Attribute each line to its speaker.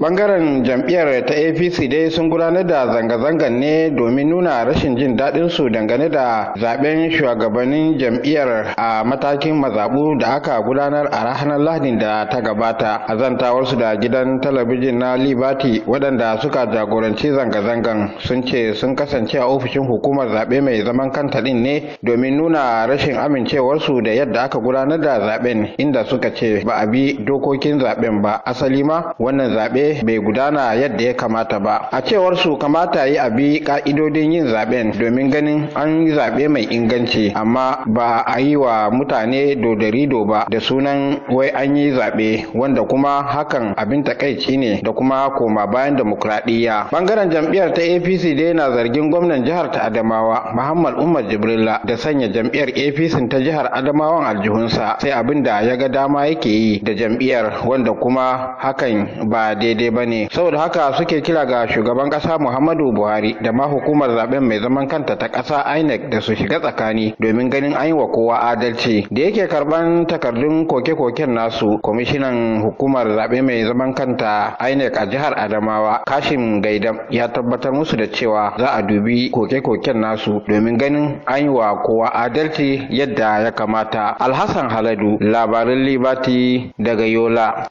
Speaker 1: Bangaren jam'iyyar ta APC dai sun gudanar da zanga-zangar ne domin nuna rashin jin daɗin su dangane da zaben shugabannin jam'iyyar a matakin mazaɓu da aka gudanar a ranar Lahadin da ta gabata a zantawarsu da gidan talabijin na Liberty waɗanda suka jagoranci zanga-zangan sun ce sun kasance a ofishin hukumar zaɓe mai zaman kanta ɗin ne domin nuna rashin amincewarsu da yadda aka gudanar da zaben inda suka ce ba a bi dokokin zaben ba asali ma wannan zaɓe bai gudana yadda ya kamata ba a cewar su kamata yi a bi ka'idodin yin zaɓen domin ganin an yi zaɓe mai inganci amma ba a yi wa mutane dodarido ba da sunan wai an yi zaɓe wanda kuma hakan abin takaici ne da kuma koma bayan demokradiyya bangaren jam'iyyar ta apc dai na zargin gwamnan jihar ta adamawa muhammad umar jibrilla da sanya jam'iyyar apc ta jihar adamawan aljihunsa sai abin da ya ga dama yake yi da jam'iyyar wanda kuma hakan ba daidai daidai ba ne saboda haka suke kira ga shugaban kasa muhammadu buhari da ma hukumar zaben mai zaman kanta ta kasa inec da su shiga tsakani domin ganin an yi wa kowa adalci da yake karban takardun koke-koken nasu kwamishinan hukumar zaɓe mai zaman kanta inec a jihar adamawa kashim gaidam ya tabbatar musu da cewa za a dubi koke-koken nasu domin ganin an yi wa kowa adalci yadda ya kamata alhassan haladu labarin libati daga yola